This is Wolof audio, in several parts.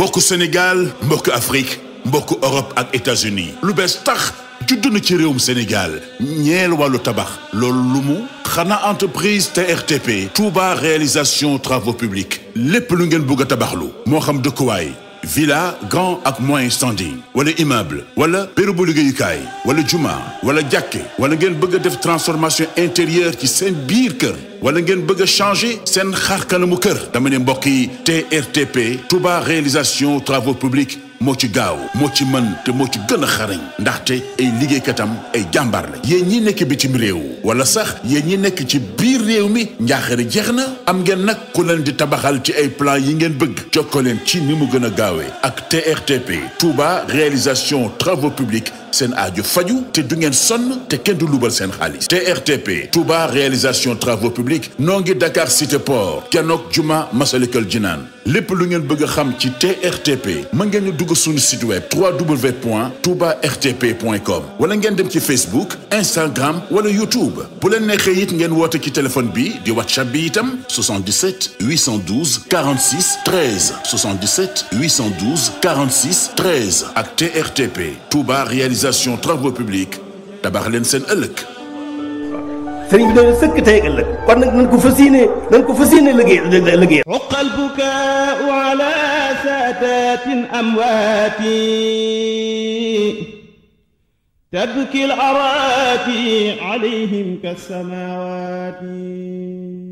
mbokku Sénégal mbokku Afrique mbokku Europe ak États-Unis lu bees tax judd na ci réewum Sénégal ñeel wàllu tabax loolu lu mu xanaa entreprise TRTP Touba réalisation travaux publics lépp lu ngeen bëgg a lu moo xam dëkkuwaay villa gan ak moyen standing wala immeuble wala bérébu liggéeyukaay wala juma wala jàkke wala ngeen bëgg a def transformation intérieure ci seen biir kër wala ngeen bëgg a changer seen xar kër dama ne mbokk yi TRTP Touba réalisation travaux publics moo ci gaaw moo ci mën te moo ci gën a xarañ ndaxte ay liggéeykatam ay jàmbaar la yéen ñi nekk bitim réew wala sax yéen ñi nekk ci biir réew mi njaaxare jeex na am ngeen nag ku leen di tabaxal ci ay plan yi ngeen bëgg jokkoo ci ni mu gën a gaawee ak TRTP Touba réalisation travaux publics seen aaju faju te du ngeen sonn te kenn du lubal seen xaalis TRTP Touba réalisation travaux publics noo ngi Dakar Cité Port Kenok Juma Masalikal Jinaan lépp lu ngeen bëgg a xam ci TRTP mën ngeen ñu dugg suñu site web www.toubartp.com wala ngeen dem ci Facebook Instagram wala YouTube bu leen neexee it ngeen woote ci téléphone bi di WhatsApp bi itam 77 812 46 13 77 812 46 13 ak TRTP Touba réalisation réalisation travaux publics tabax leen seen ëllëg. sëriñ bi dañu sëkk tey ëllëg kon nag nañ ko fas yéene nañ ko fas yéene liggéey liggéey. uqal bukaa'u ala saadatin amwaati tabki al-araati alayhim kas-samaawaati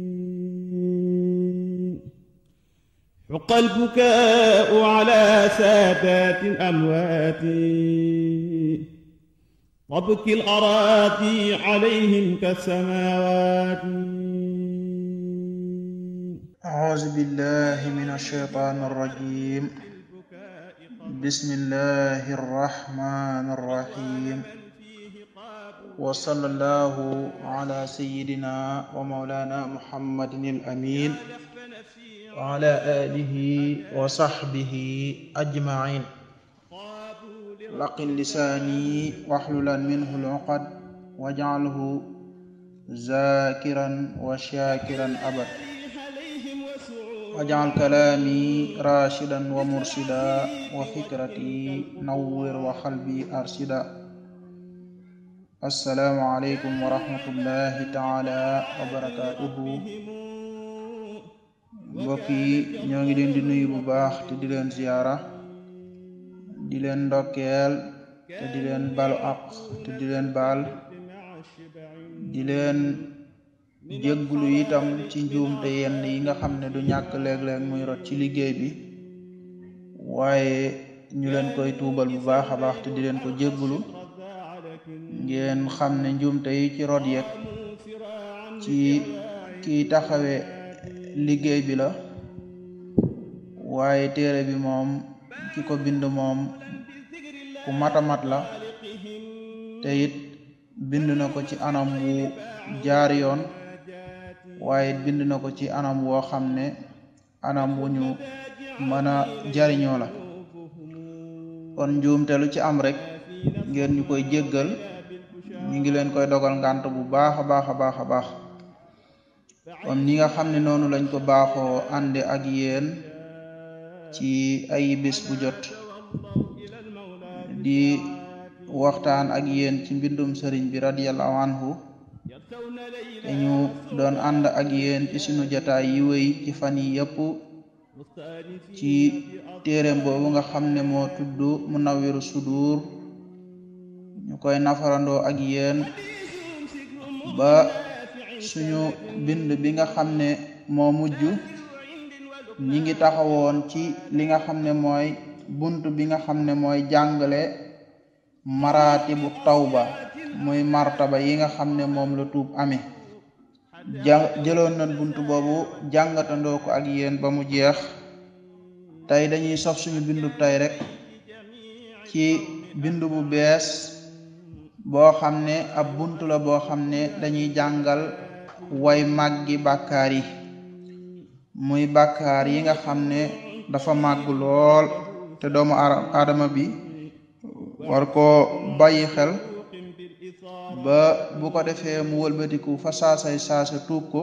عقى البكاء على سادات أموات تبكي الأراضي عليهم كالسماوات أعوذ بالله من الشيطان الرجيم بسم الله الرحمن الرحيم وصلى الله على سيدنا ومولانا محمد الأمين wa ala alihi wa sahbihi ajmain laqin lisaani waxlulan minhu luqad waj'alhu zakiran wa shakiran abad waj'al kalami rashidan wa mursida wa fikrati nawwir wa qalbi arshida assalaamu aleykum wa rahmatullahi taala wa barakatuhu mbokk yi ñoo ngi leen di nuyu bu baax te di leen ziyaara di leen ndokkeel te di leen balu aq te di leen baal di leen jéggulu itam ci njuumte yenn yi nga xam ne du ñàkk léeg-léeg muy rot ci liggéey bi waaye ñu leen koy tuubal bu baax a baax te di leen ko jéggulu ngeen xam ne njuumte yi ci rot yeeg ci kiy taxawee liggéey bi la waaye téere bi moom ki ko bind moom ku mata mat la te it bind na ko ci anam wu jaar yoon waaye bind na ko ci anam woo xam ne anam wu ñu mën a jariñoo la kon njuumte lu ci am rek ngeen ñu koy jéggal ñu ngi leen koy dogal ngànt bu baax a baax a baax a baax comme ni nga xam ne noonu lañ ko baaxoo ànde ak yéen ci ay bés jot di waxtaan ak yéen ci mbindum sëriñ bi radiyallahu anhu te ñu doon ànd ak yéen ci sunu jataay yi wéy ci fan yi yëpp ci téereem boobu nga xam ne moo tudd Munawwirus Sudur ñu koy nafarandoo ak yéen ba suñu bind bi nga xam ne moo mujj ñi ngi taxawoon ci li nga xam ne mooy bunt bi nga xam ne mooy jàngale maraatibu tawba muy ba yi nga xam ne moom la tuub amee ja jëloon na bunt boobu jàngatandoo ko ak yéen ba mu jeex tey dañuy sof suñu bindub tey rek ci bind bu bees boo xam ne ab bunt la boo xam ne dañuy jàngal way màggi bàkkaar yi muy bàkkaar yi nga xam ne dafa màgg lool te doomu aadama bi war ko bàyyi xel ba bu ko defee mu wëlbatiku fa saasay saasa tuub ko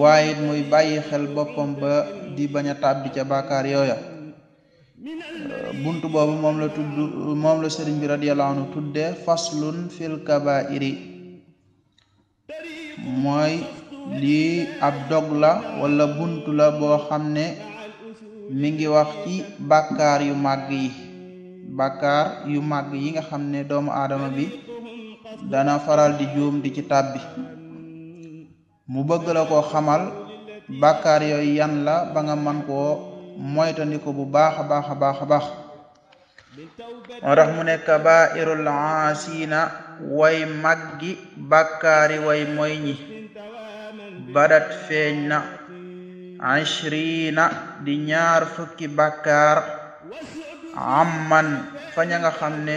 waaye muy bàyyi xel boppam ba di bañ a tàbbi ca bàkkaar yooya bunt boobu moom la tudd moom la sëriñ bi radiyallahu anhu tudde faslun fil kabairi mooy lii ab dog la wala bunt la boo xam ne mi ngi wax ci bàkkaar yu màgg yi bàkkaar yu màgg yi nga xam ne doomu aadama bi dana faral di juum di ci tàbbi mu bëgg la ko xamal bàkkaar yooyu yan la ba nga man koo moytandiku bu baax a baax a baax a baax moo tax mu ne kabairul aasina way maggi bàkkaari way moy ñi badat feeñ na di ñaar fukki bàkkaar amman faña nga xam ne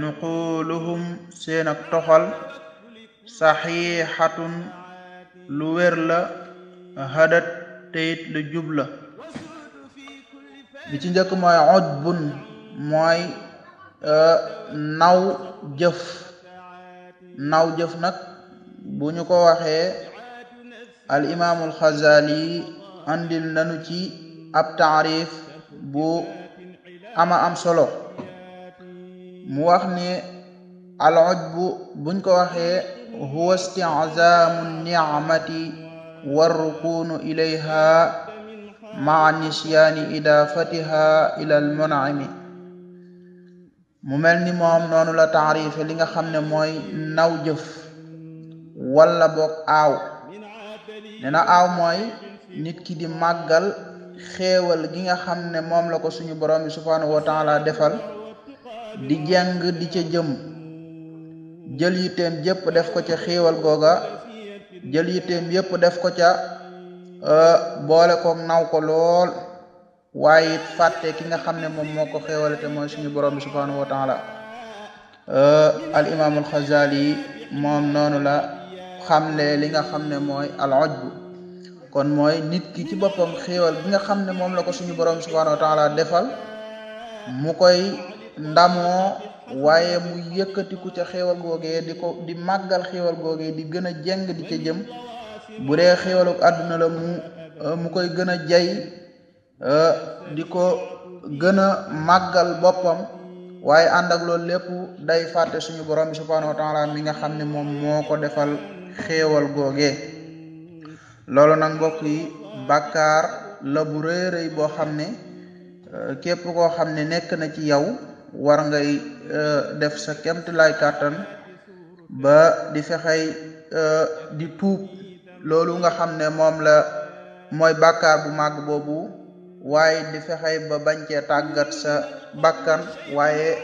nuquluhum seen ak toxal saxiixatun lu wér la teyit lu jub la bi ci njëkk mooy odbun mooy euh, naw jëf naw jëf nag bu ko waxee al imaamul Xazaali andil nanu ci ab taarif bu ama am solo mu wax ni al ujbu buñ ko waxe huwa isti'zaamu ni'mati warrukunu ilayha maa nisyaani idaafatiha ila al mun'imi mu mel ni moom noonu la taarife li nga xam ne mooy naw jëf wala boog aaw ne na aaw mooy nit ki di màggal xéewal gi nga xam ne moom la ko suñu borom bi subhanahu wa taala defal di jàng di ca jëm jël yitteem jëpp def ko ca xéewal googa jël yitteem yëpp def ko ca euh, boole ko naw ko lool waaye fàtte ki nga xam ne moom moo ko xéewale te mooy suñu borom bi subhanahu wa taala euh, al imaamul xazali moom noonu la xam xamle li nga xam ne mooy al ojbu kon mooy nit ki ci boppam xéewal bi nga xam ne moom la ko suñu borom bi subhanahu wa defal mu koy ndamoo waaye mu yëkkatiku ca xéewal googe di ko di màggal xéewal googe di gën a jeng di ca jëm bu dee xéewalu àdduna la mu euh, mu koy gën a jay Euh, di ko gën a màggal boppam waaye ànd ak loolu lépp day fàtte suñu borom bi subhaanahu wa taala mi nga xam ne moom moo ko defal xéewal googee loolu nag mbokk yi bàkkaar la bu rëy rëy boo xam ne euh, képp koo xam ne nekk na ci yow war ngay euh, def sa kemt lay kàttan ba di fexey di tuub loolu nga xam ne moom la mooy bàkkaar bu màgg boobu waaye di fexey ba bañ cee tàggat sa bakkan waaye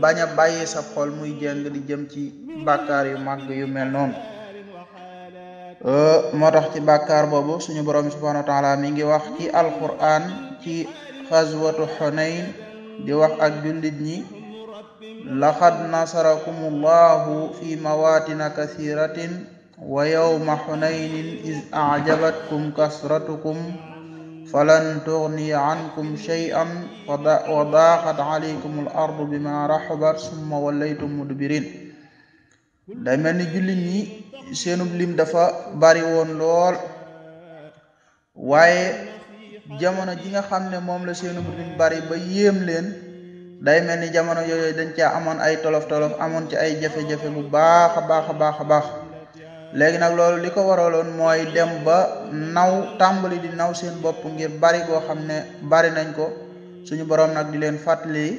bañ a bàyyi sa xol muy jëng di jëm ci bàkkaar yu màgg yu mel noonu moo tax ci bàkkaar boobu suñu borom subhanahu wa taala mi ngi wax ci alquran ci xazwatu xunayn di wax ak jullit ñi laxad nasarakum allahu fi mawaatina kasiratin wa yawma xunaynin iz ajabatkum kasratukum falan tughni ankum shay'an wa daqat alaykum al bima rahabat summa wallaytum mudbirin day mel ni jullit ñi seenub lim dafa bari woon lool waaye jamono ji nga xam ne moom la seenub lim bari ba yéem leen day mel ni jamono yooyu dañ caa amoon ay tolof tolof amoon ci ay jafe-jafe bu baax a baax a baax a baax léegi nag loolu li ko waraloon mooy dem ba naw tàmbali di naw seen bopp ngir bari goo xam ne bari nañ ko suñu borom nag di leen fàttali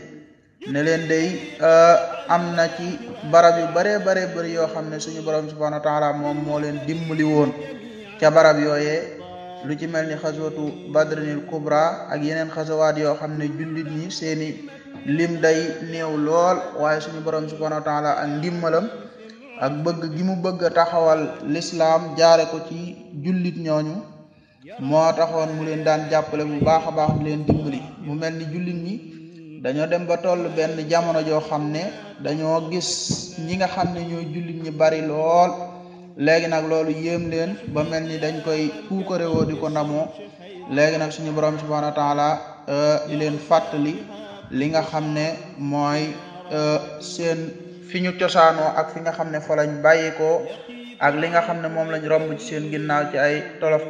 ne leen day euh, am na ci barab yu baree bare bari yoo xam ne suñu borom subhanahu wa taala moom moo leen dimbali woon ca barab yooye lu ci mel ni xaswatu badrinil kubra ak yeneen xasawaat yoo xam ne jullit ñi seeni lim day néew lool waaye suñu borom subhanahu wa taala ak ndimbalam ak bëgg gi mu bëgg a taxawal lislaam jaare ko ci jullit ñooñu moo taxoon mu leen daan jàppale bu baax a baax di leen dimbali mu mel ni jullit ñi dañoo dem ba toll benn jamono joo xam ne dañoo gis ñi nga xam ne ñoo jullit ñi bari lool léegi nag loolu yéem leen ba mel ni dañ koy puukarewoo di ko ndamoo léegi nag suñu borom subhaanahu wa taala euh, di leen fàttali li nga xam ne mooy euh, seen fi ñu cosaanoo ak fi nga xam ne fa lañ bàyyikoo ak li nga xam ne moom lañ romb ci seen ginnaaw ci ay tolof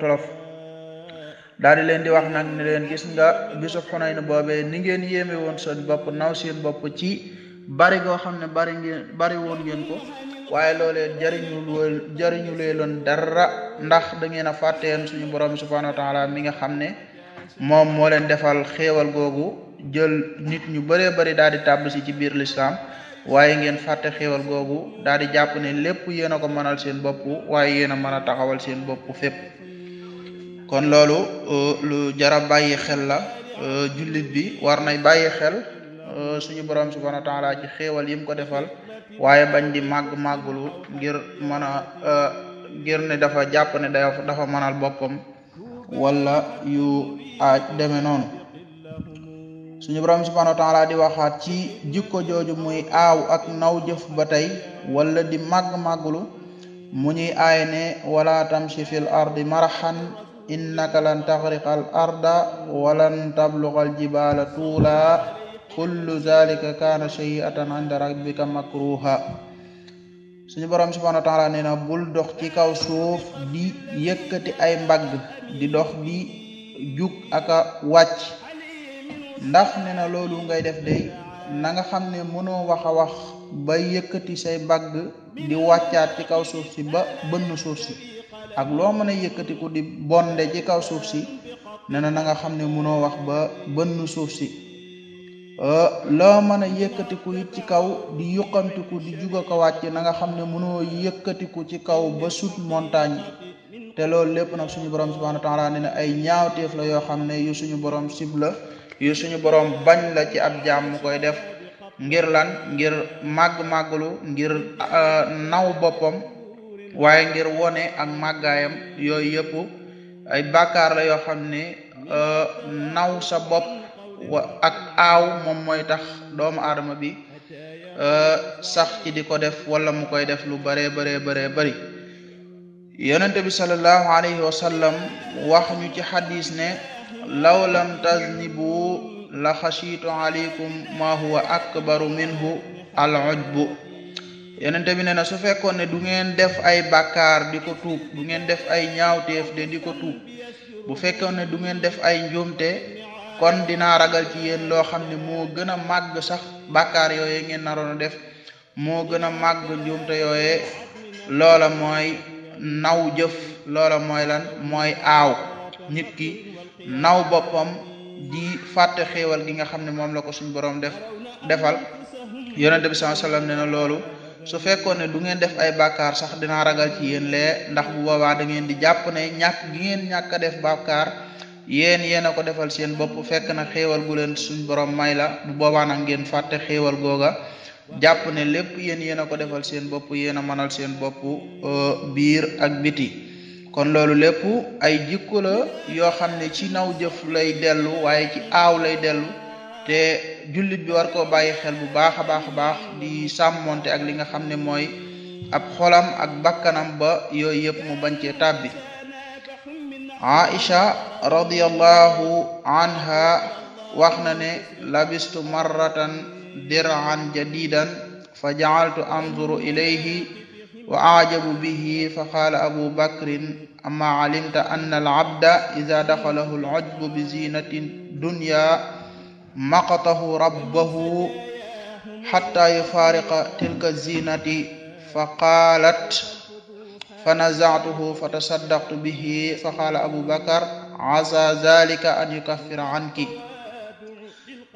daal di leen di wax nag leen gis nga bisu Xunayn boobee ni ngeen yéeme woon seen bopp naw seen bopp ci bari goo xam ne bari ngeen bari ko waaye loolee jariñu jariñu leeloon dara ndax da ngeen a fàtteen suñu borom subhanahu wa taala mi nga xam ne moom moo leen defal xéewal googu jël nit ñu bëree bëri daal di tàbb si ci biir lislaam waaye ngeen fàtte xéewal googu daal di jàpp ne lépp yéen a ko mënal seen bopp waaye yéen a mën a taxawal seen bopp fépp kon loolu euh, lu jara bàyyi xel la euh, jullit bi war nay bàyyi xel euh, suñu borom subhanahu wa taala ci xéewal yim ko defal waaye bañ di màgg-màggulu ngir mën a ngir ne dafa jàpp ne dafa mënal boppam wala yu a ah, demee noonu suñu borom subhanahu wa taala di waxaat ci jikko jooju muy aaw ak naw jëf ba tey wala di màgg-màggulu mu ñuy aaye ne wala tamshi fil ardi marahan innaka lan taxriqa al arda walan tabluga al jibala tuula kullu zalika kaana shay'atan inda rabbika makruha suñu borom subhanahu wa taala nee bul dox ci kaw suuf di yëkkati ay mbagg di dox di jug ak a ndax ne na loolu ngay def day na nga xam ne mënoo wax a wax ba yëkkati say bagg di wàccaat ci kaw suuf si ba bënn suuf si ak loo mën a yëkkatiku di bonde ci kaw suuf si ne na na nga xam ne mënoo wax ba bënn suuf si loo mën a yëkkatiku it ci kaw di yuqamtiku di juga ko wàcc na nga xam ne mënoo yëkkatiku ci kaw ba sut montagne te loolu lépp nag suñu borom subhanahu wa taala ne na ay ñaawteef la yoo xam ne yu suñu borom sib la su ñu boroom bañ la ci ab jaam mu koy def ngir lan ngir màgg màgglu ngir euh, naw boppam waaye ngir wone ak màggaayam yooyu yëpp ay bàkkaar la yoo xam ne euh, naw sa bopp wa ak aaw moom mooy tax doomu aadama bi euh, sax ci di ko def wala mu koy def lu baree baree baree bari yonente bi sallallahu alayhi wa wax ñu ci xadis ne law lam la xashiitu aleykum ma huwa akbaru minhu al ujbu yonente bi ne na su fekkoon ne du ngeen def ay bàkkaar di ko tuub du ngeen def ay ñaawteef de di bu fekkoon ne du ngeen def ay njuumte kon dinaa ragal ci yéen loo xam ne moo gën a màgg sax bàkkaar yooye ngeen naroon a def moo gën a màgg njuumte yooye loola mooy naw jëf loola mooy lan mooy aaw nit ki naw boppam di fàtte xéwal gi nga xam ne moom la ko suñ borom def defal yonente bi sallallahu alayhi wasallam na loolu su fekkoon ne du ngeen def ay bàkkaar sax dinaa ragal ci yéen lee ndax bu boobaa da ngeen di jàpp ne ñàkk gi ngeen ñàkk a def bàkkaar yéen yéen a ko defal seen bopp fekk na xéewal gu leen suñ borom may la bu ngeen fàtte xéewal googa jàpp ne lépp yéen yéen a ko defal seen bopp yéen a mënal seen bopp euh, biir ak biti kon loolu lépp ay jikko la yoo xam ne ci naw jëf lay dellu waaye ci aaw lay dellu te jullit bi war koo bàyyi xel bu baax a baax a baax di sàmmonte ak li nga xam ne mooy ab xolam ak bakkanam ba yooyu yëpp mu bañ cee tàbbi aisha radiyallahu anha wax na ne labistu marratan dir'an jadidan fa ja'altu anzuru ilayhi wa aajabu bihi fa qaala abu bakrin amma alimta anna alabda ida daxalahu alujbu bi zinatin dunya maqatahu rabbahu xatta yufaariqa tilka zinati fa qaalat fa nazatuhu fa tasaddaqtu bihi fa qaala abu bakar asa zalika an yukaffira anki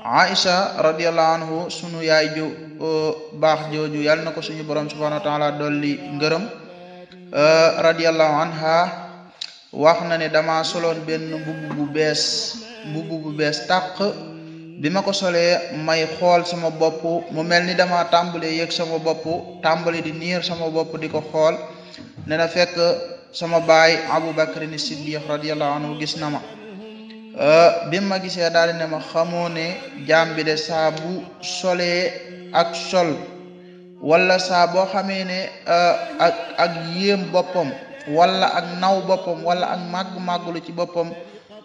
aisha radiallahu suñu yaay ju baax jooju yal na ko suñu borom subhanahu wa taala dolli ngërëm radiallahu anha wax na ne dama soloon benn mbubb bu bees mbubb bu bees tàq bi ko solee may xool sama bopp mu mel ni dama tàmbale yëg sama bopp tàmbale di niir sama bopp di ko xool ne na fekk sama baay Abu Bakr ni Siddiq radiallahu anhu gis na ma Euh, bim ma gisee daal ne ma xamoo ne jaam bi de saabu bu solee ak sol walla saa boo xamee ne euh, ak ak yéem boppam wala ak naw boppam wala ak màgg màggulu ci boppam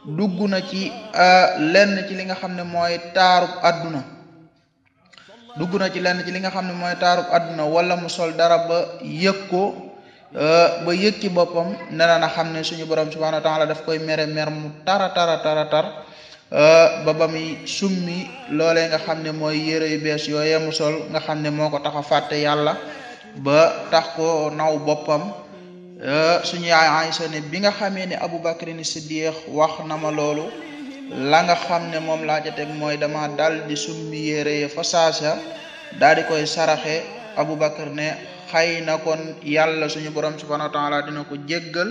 dugg na ci euh, lenn ci li nga xam ne mooy taarub àdduna dugg na ci lenn ci li nga xam ne mooy taarub àdduna wala mu sol dara ba yëg ko Euh, ba yëg ci boppam ne na xam ne suñu borom subhanahu wa taala daf koy mere mer mu tara tara tara tar euh, ba ba muy mi loolee nga xam ne mooy yére yu bees yooyee mu sol nga xam ne moo ko tax a fàtte yàlla ba tax ko naw boppam euh, suñu yaay Aysa ne bi nga xamee ne Abu Bakr ni Siddiq wax na ma loolu la nga xam ne moom laa ca mooy dama dal di summi yére ya fa saasa daal di koy saraxe Abu Bakr ne xëy na kon yàlla suñu borom subhanahu wa taala dina ko jéggal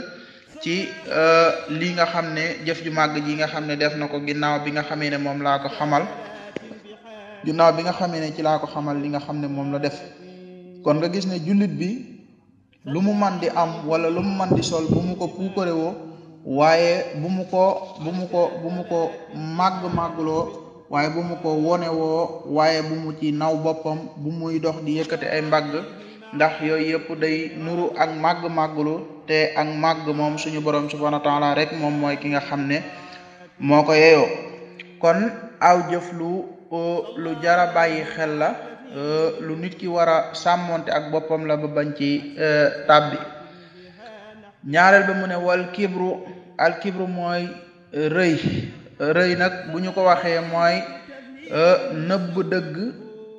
ci euh, lii nga xam ne jëf ju màgg ji nga xam ne def na ko ginnaaw bi nga xamee ne moom laa ko xamal ginnaaw bi nga xamee ne ci laa ko xamal li nga xam ne moom la def kon nga gis ne jullit bi lu mu man di am wala lu mu man di sol bu mu ko puukarewoo waaye bu mu ko bu mu ko mu ko màgg-màggloo waaye bu mu ko wonewoo waaye bu mu ci naw boppam bu muy dox di yëkkate ay mbagg ndax yooyu yëpp day nuru ak màgg-màggulu te ak màgg moom suñu borom subhanahu wa rek moom mooy ki nga xam ne moo ko yeyoo kon aw jëf lu lu jara bàyyi xel la lu nit ki war a sàmmonte ak boppam la ba bañ ci tàbbi ñaareel ba mu ne wal kibru mooy rëy rëy nag bu ñu ko waxee mooy nëbb dëgg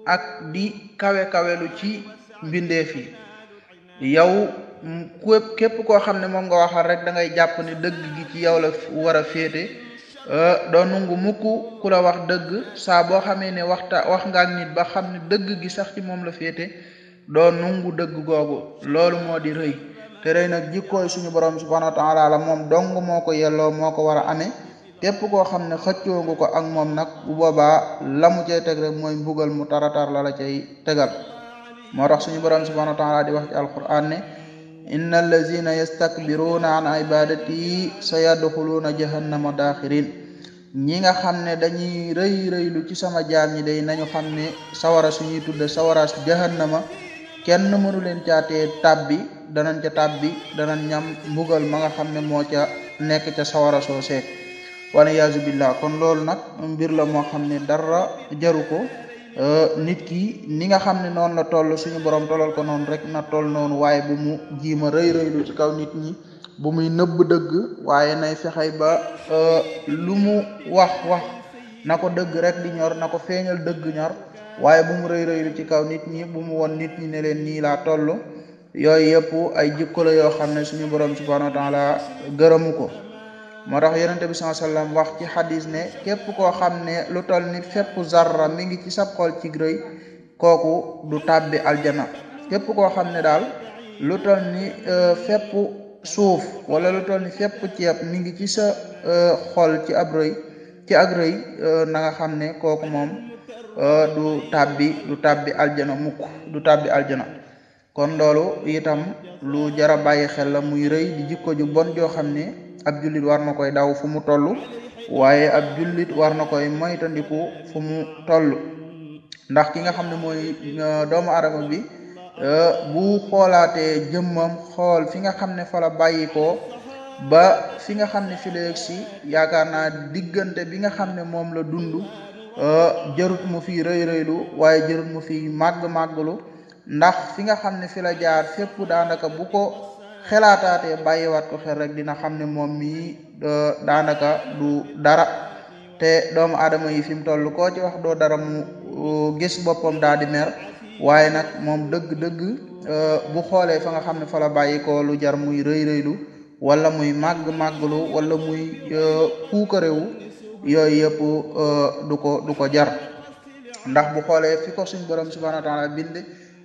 ak di kawe-kawelu ci mbindee yi yow képp koo xam ne moom nga waxal rek da ngay jàpp ne dëgg gi ci yow la war a féete euh, doo nungu mukk ku la wax dëgg saa boo xamee ne waxta wax nga nit ba xam ne dëgg gi sax ci moom la féete doo nungu dëgg googu loolu moo di rëy te rëy nag jikkooy suñu borom subhanahu wa moom dong moo ko yelloo moo ko war a amee képp koo xam ne xëccoo nga ko ak moom nag bu boobaa la mu cay teg rek mooy mbugal mu taratar la la cay tegal moo tax suñu borom subhanahu wa taala di wax ci alquran ne inna allazina yastakbiruna an ibadati sayadxuluuna jahannama daaxirin ñi nga xam ne dañuy rëy rëylu ci sama jaam ñi day nañu xam ne sawara suñuy tudde sawara jahannama kenn mënu leen caatee tàbbi danan ca tàbbi danañ ñam mbugal ma nga xam ne moo ca nekk ca sawara soo seek wala yaasu billah kon loolu nag mbir la moo xam ne dara jaru ko Euh, nit ki ni nga xam ne noonu na toll suñu borom tollal ko noonu rek na toll noonu waaye bu mu jiima rëy rëylu ci kaw nit ñi bu muy nëbb dëgg waaye nay fexey ba euh, lu mu wax wax na ko dëgg rek di ñor na ko feeñal dëgg ñor waaye bu mu rëy rëylu ci kaw nit ñi bu mu won nit ñi ne leen nii laa toll yooyu yëpp ay jikko la yoo xam ne suñu borom subhanahu wa taala gërëmu ko moo tax yonent bi sallallahu alayhi wasallam wax ci xadis ne képp koo xam ne lu tol ni fépp zarra mi ngi ci sab xol ci rëy kooku du tàbbi aljana képp koo xam ne daal lu toll ni euh, fépp suuf wala lu toll ni fépp ceeb mi ngi ci sa euh, xol ci ab rëy ci ak rëy euh, na nga xam ne kooku moom du tàbbi du tàbbi aljana muk du tàbbi aljana kon loolu itam lu jara bàyyi xel la muy rëy di jikko ju bon joo xam ne ab jullit war na koy daw fu mu toll waaye ab jullit war na koy moytandiku fu mu toll ndax ki nga xam ne mooy euh, doomu aadama bi euh, bu xoolaatee jëmam xool fi nga xam ne fola la ba fi nga xam ne fi si yaakaar naa diggante bi nga xam ne moom la dund euh, jarut mu fi rëy rëylu waaye jarut mu fi màgg màgglu ndax fi nga xam ne fi la jaar fépp daanaka bu ko xelaataatee bàyyiwaat ko xel rek dina xam ne moom mii daanaka du dara te doomu aadama yi fi mu toll koo ci wax doo dara mu gis boppam daal di mer waaye nag moom dëgg-dëgg e, bu xoolee fa nga xam ne fa la bàyyi ko lu jar muy rëy-rëylu wala muy màgg-màgglu wala muy e, puukarewu yooyu yëpp e, du ko du ko jar ndax bu xoolee fi ko suñ borom subhanahu wa bind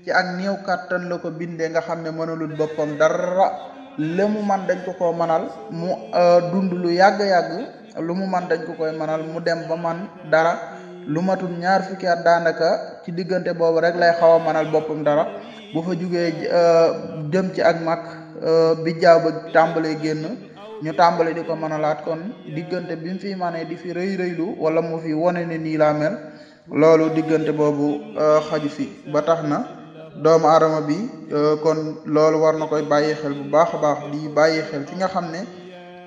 ci ak néew kàttan la ko bindee nga xam ne mënalul boppam dara le mu man dañ ko ko manal mu euh, dund lu yàgg-yàgg lu mu man dañ ko koy manal mu dem ba man dara lu matum ñaar fukki at daanaka ci diggante boobu rek lay xaw a manal boppam dara bu fa jugee euh, jëm ci ak mag euh, bi jaaw tàmbalee génn ñu tàmbale di ko mënalaat kon diggante bi fi manee di fi rëy rëylu wala mu fi wone ne nii laa loolu diggante boobu xaju fi ba tax na doomu aadama bi euh, kon loolu war na koy bàyyi xel bu baax a baax di bàyyi xel fi nga xam ne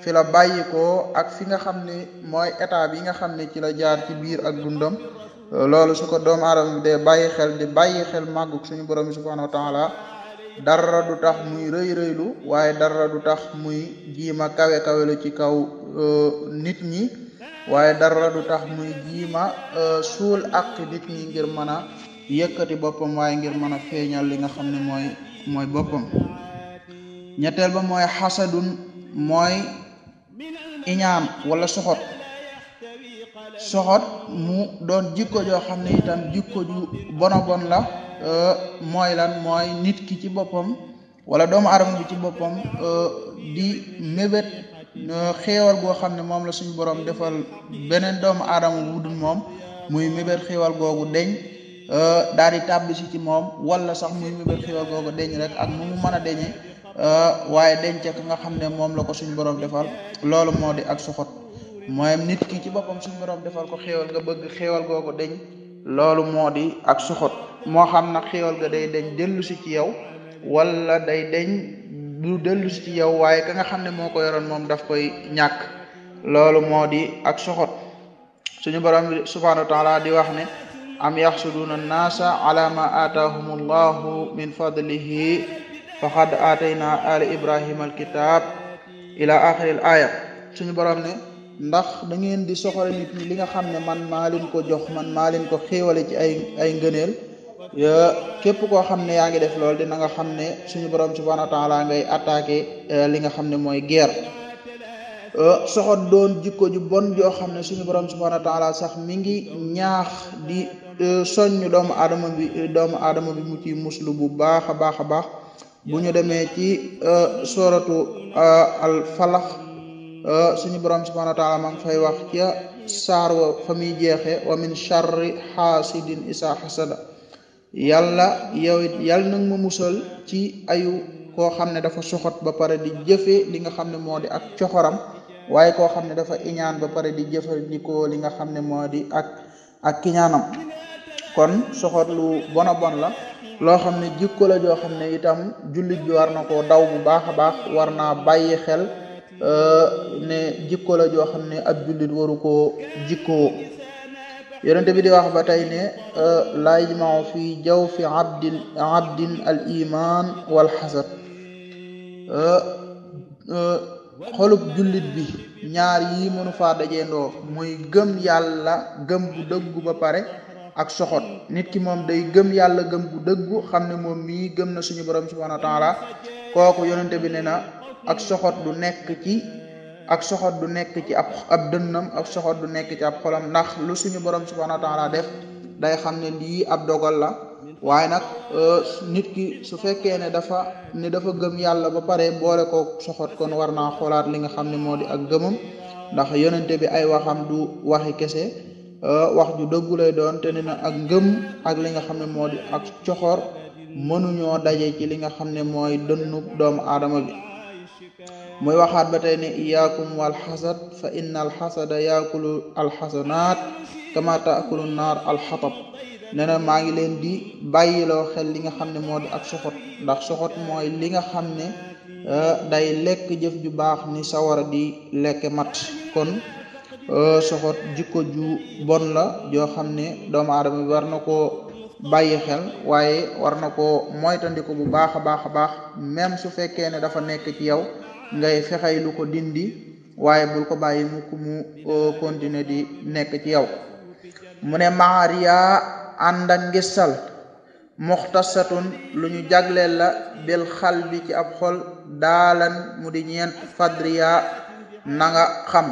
fi la bàyyi koo ak fi nga xam ne mooy état bi nga xam ne ci la jaar ci biir ak dundam euh, loolu su ko doomu aadama bi dee bàyyi xel di bàyyi xel màggug suñu borom bi subhanahu wa taala dara du tax muy rëy rëylu waaye dara du tax muy jiima kawe kawe lu ci kaw euh, nit ñi waaye dara du tax muy jiima suul ak nit ñi ngir mën a yëkkati boppam waaye ngir mën a feeñal li nga xam ne mooy mooy boppam ñetteel ba mooy xasadun mooy iñaan wala soxot soxot mu doon jikko joo xam ne itam jikko ju bona bon la euh, mooy lan mooy nit ki ci boppam wala doomu aadama bi ci boppam euh, di mébét euh, xewal goo xam ne moom la suñu borom defal beneen doomu aadama bu dul moom muy mébét xéewal googu deñ Euh, daal di tàbbi si ci moom wala sax muy mébét xiwal googu deñ rek ak nu mu mën deñe euh, waaye deñce ka nga xam ne moom la ko suñ borom defal loolu moo di ak soxot mooy nit ki ci boppam suñ borom defal ko xéewal nga bëgg xéewal googu deñ loolu moo di ak soxot moo xam na xéewal ga day deñ dellu si ci yow wala day deñ du dellu si ci yow waaye ka nga xam ne moo ko yoroon moom daf koy ñàkk loolu moo di ak soxot suñu borom bi subhanahu wa di wax ne am yaxsuduuna annaasa ala ma aataahum allahu min fadlihi faqad aatayna ali ibrahima alkitab ila axiri l aaya suñu borom ne ndax dangeen di soxore nit ñi li nga xam ne man maa leen ko jox man maa leen ko xéewale ci ay ay ngëneel képp koo xam ne yaa ngi def loolu dina nga xam ne suñu borom subhanahu wa taala ngay attaqué eh, li nga xam ne mooy guerre eh, soxot doon jikko ju bon joo xam ne suñu borom subhanahu wa taala sax mi ngi ñaax di Euh, soññ doomu aadama bi euh, doomu aadama bi mu ci muslu bu baax a baax a baax bu ñu demee ci euh, soratu al falax suñu borom subhanahu wa taala ma ngi fay wax ca saar wa fa muy jeexe wa min charri xaasidin isa xasada yàlla yow it yàlla nag ma musal ci ayu koo xam ne dafa soxot ba pare di jëfe li nga xam ne moo di ak coxoram waaye koo xam ne dafa iñaan ba pare di jëfandikoo li nga xam ne moo di ak ak kiñaanam kon soxor lu bon bon la loo xam ne jikko la joo ne itam jullit bi war na koo daw bu baax a baax war naa bàyyi xel euh, ne jikko la joo xam ne ab jullit waru ko jikkoo yonente bi di wax ba tey ne euh, laa yajmau fi jaw fi abdin abdin al iman wal xasad euh, xolub jullit bi ñaar yi mënu faa dajee ndoo muy gëm yàlla gëm bu dëggu ba pare ak soxot nit ki moom day gëm yàlla gëm gu dëggu xam ne moom mii gëm na suñu borom subhanahu wa taala kooku yonente bi ne na ak soxot du nekk ci ak soxot du nekk ci ab ab dënnam ak soxot du nekk ci ab xolam ndax lu suñu borom subhanahu wa taala def day xam ne lii ab dogal la waaye nag euh, nit ki su fekkee ne dafa ne dafa gëm yàlla ba pare boole ko soxot kon war naa xoolaat li nga xam ne moo di ak gëmam ndax yonente bi ay waxam du waxi kese Euh, wax ju dëggu doon te ne na ak ngëm ak li nga xam ne moo di ak coxor mënuñoo daje ci li nga xam ne mooy dënnu doomu aadama bi muy waxaat ba tey ne iyaakum wal xasad fa inna alxasada yaakulu alxasanaat kama taakulu naar alxatab nee maa ngi leen di bàyyiloo xel li nga xam ne moo di ak soxot ndax soxot mooy li nga xam ne euh, day lekk jëf ju baax ni sawara di lekk mat kon soxot jikko ju bon la joo ne doomu aadama bi war na koo bàyyi xel waaye war na koo moytandiku bu baax a baax a baax même su fekkee ne dafa nekk ci yow ngay fexey ko dindi waaye bul ko bàyyi mukk mu e, continuer di nekk ci yow mu ne maariya ànd ak ngistal muxtasatun lu ñu jagleel la bel xal bi ci ab xol daalan mu di ñeent fadriya na xam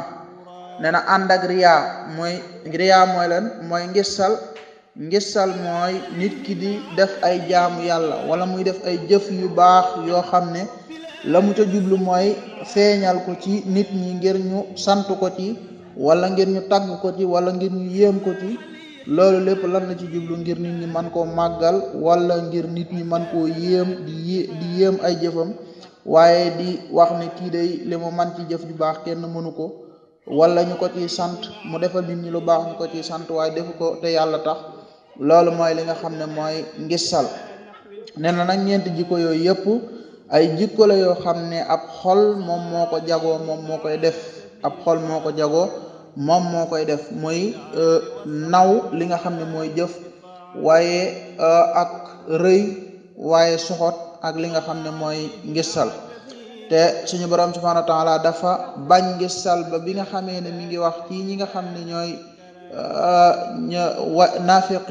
nee ànd ak riya mooy riya mooy lan mooy ngissal ngissal mooy nit ki di def ay jaamu yàlla wala muy def ay jëf yu baax yoo xam ne la mu ca jublu mooy feeñal ko ci nit ñi ngir ñu sant ko ci wala ngir ñu tagg ko ci wala ngir ñu yéem ko ci loolu lépp lan la ci jublu ngir nit ñi man koo màggal walla ngir nit ñi man koo yéem di di yéem ay jëfam waaye di wax ne kii day li mu man ci jëf ju baax kenn mënu ko wala ñu ko ciy sant mu defal nit ñi lu baax ñu ko ci sant waaye defu ko te yàlla tax loolu mooy li nga xam ne mooy ngissal nee na nag ñeenti jikko yooyu yëpp ay jikko la yoo xam ne ab xol moom moo ko jagoo moom moo koy def ab xol moo ko jagoo moom moo koy def muy euh, naw li nga xam ne mooy jëf waaye euh, ak rëy waaye soxot ak li nga xam ne mooy ngissal suñu borom subhanahu wa dafa bañ ngi salba bi nga xamee ne mi ngi wax ci ñi nga xam ne ñooy euh, wa naafiq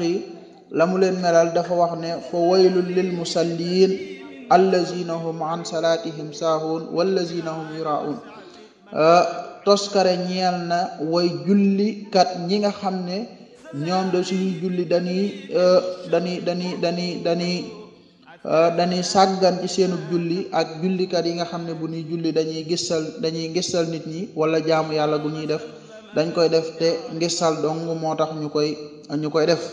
la mu leen melal dafa wax ne fa waylul lil musallin allazina hum an salatihim saahuun wallazina euh, toskare ñeel na way julli kat ñi nga xam ne ñoom da suñuy julli dañuy euh, dañuy dañuy Euh, dañuy sàggan ci seenu julli ak jullikat yi nga xam ne bu nuy julli dañuy gisal dañuy gisal nit ñi wala jaamu yàlla gu ñuy def dañ koy def te ngisal dong moo tax ñu koy ñu koy def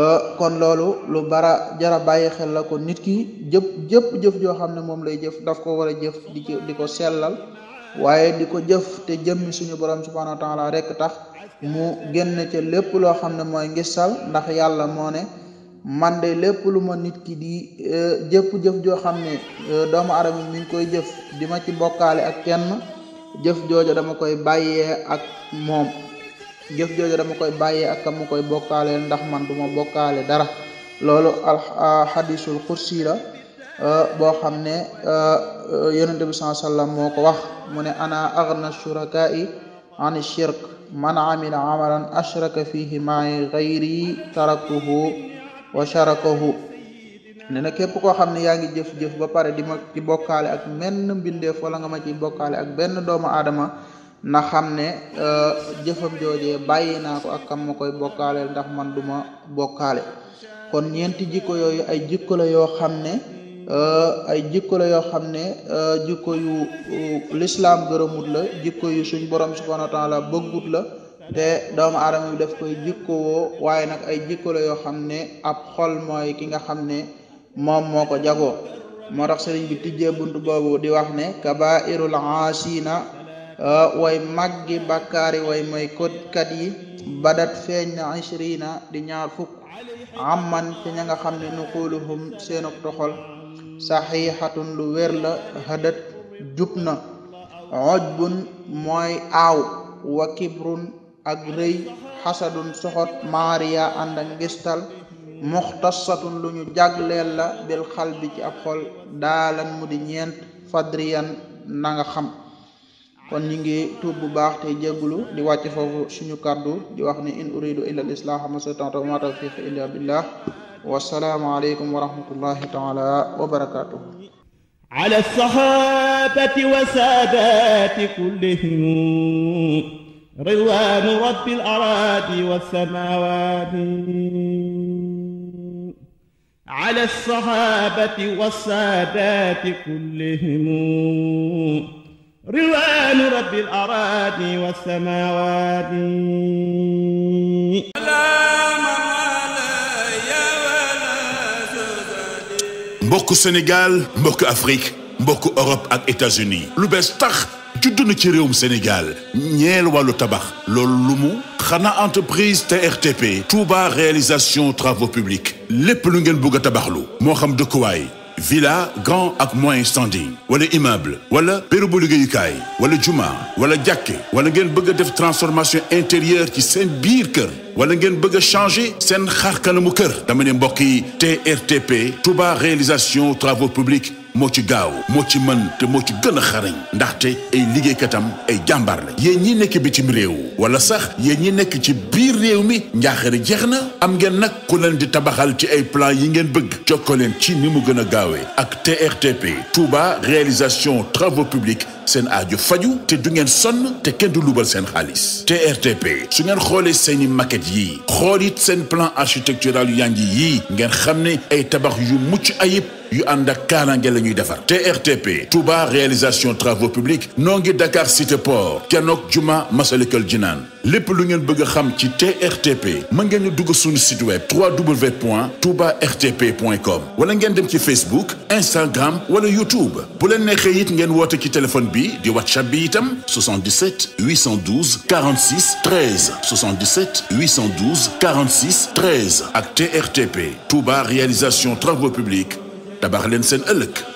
euh, kon loolu lu bara jara bàyyi xel la ko nit ki jëpp jëpp jëf joo xam ne moom lay jëf daf ko war a jëf di di ko sellal waaye di ko jëf te jëmmi suñu borom subhanahu wa taala rek tax mu génn ca lépp loo xam ne mooy ngisal ndax yàlla moo ne man de lépp lu ma nit ki di euh, jëpp jëf joo xam ne euh, doomu aadama mi ngi koy jëf di ma ci bokkaale ak kenn jëf jooja dama koy bàyyee ak moom jëf jooja dama koy bàyyee ak kam ma koy bokkaaleel ndax man du ma bokkaale dara loolu al xadisul kursi la euh, boo xam ne yonente bi saa moo ko wax mu ne ana agna shurakaai an shirk man amila amalan ashraka fihi maay gayri taraktuhu wa sharakahu ne na képp koo xam ne yaa ngi jëf-jëf ba pare di ma ci bokkaale ak menn mbindeef wala nga ma ci bokkaale ak benn doomu aadama na xam ne euh, jëfam joojee bàyyi naa ko ak kam ma koy bokkaale ndax man duma bokkaale kon ñeenti jikko yooyu ay jikko la yoo xam ne euh, ay jikko yoo xam ne euh, jikko yu lislaam gërëmut la jikko yu suñ borom subhanahu wa taala bëggut la te doomu aadama bi daf koy jikkowoo waaye nag ay jikko la yoo xam ne ab xol mooy ki nga xam ne moom moo ko jagoo moo tax sëriñ bi tijjee bunt boobu di wax ne kabairul aasina way maggi bakkaari way mooy kodkat yi badat feeñ na ashrina di ñaar fukk amman ci ña nga xam ne nuquluhum seenu toxol saxiixatun lu wér la hadat jub na ojbun mooy aaw wa kibrun ak rëy xasadun soxot maariya ànd ak ngistal muxtasatun lu ñu jagleel la bil xal bi ci ab xol daalan mu di ñeent fadriyan na nga xam kon ñu ngi tuub bu baax te jéggulu di wàcc foofu suñu kàddu di wax ni in uridu illa al islah ma stata'tu wa ma tawfiqi illa billah wassalaamu aleykum wa rahmatullahi taala wa barakatuh ala sahabati wa saadati kullihim ridwaan rabbil araadi wassamaawaati ala saxaabati wassaadaati kullihim ridwaan rabbil araadi wassamaawaati mbokku Sénégal mbokku Afrique mbokku Europe ak États-Unis lu bees tax judd na ci réewum Sénégal ñeel wàllu tabax loolu lu mu xanaa entreprise TRTP Touba réalisation travaux publics lépp lu ngeen bëgg a tabaxlu moo xam dëkkuwaay villa grand ak moyen standing wala immeuble wala bérébu liggéeyukaay wala juma wala jàkke wala ngeen bëgg a def transformation intérieur ci seen biir kër wala ngeen bëgg a changer seen xarkanamu kër dama ne mbokk yi TRTP Touba réalisation travaux publics moo ci gaaw moo ci mën te moo ci gën a xarañ ndaxte ay liggéeykatam ay jàmbaar la yéen ñi nekk bitim réew wala sax yéen ñi nekk ci biir réew mi njaaxare jeex na am ngeen nag ku leen di tabaxal ci ay plan yi ngeen bëgg jokkoo ci ni mu gën a gaawee ak TRTP Touba réalisation travaux publics seen aaju faju te du ngeen sonn te kenn du luubal seen xaalis TRTP su ngeen xoolee seeni makket yii xool it seen plan architectural yu yànji yii ngeen xam ne ay tabax yu mucc ayib yu ànd ak kaaraange la ñuy defar TRTP Touba réalisation travaux publics noo ngi Dakar cité port kennook juma Masalikul Jinaan lépp lu ngeen bëgg a xam ci TRTP ma ngeen ñu dugg suñu site web www.toubartp.com wala ngeen dem ci Facebook Instagram wala YouTube bu leen neexee it ngeen woote ci téléphone bi di WhatsApp bi itam 77 812 46 13 77 812 46 13 ak TRTP Touba réalisation travaux publics tabax leen seen ëllëg.